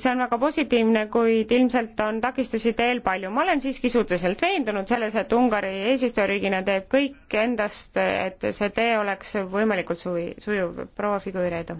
see on väga positiivne, kuid ilmselt on takistusi teel palju. ma olen siiski suhteliselt veendunud selles, et Ungari eesistujariigina teeb kõik endast, et see tee oleks võimalikult suvi, sujuv. proua Figueiredo.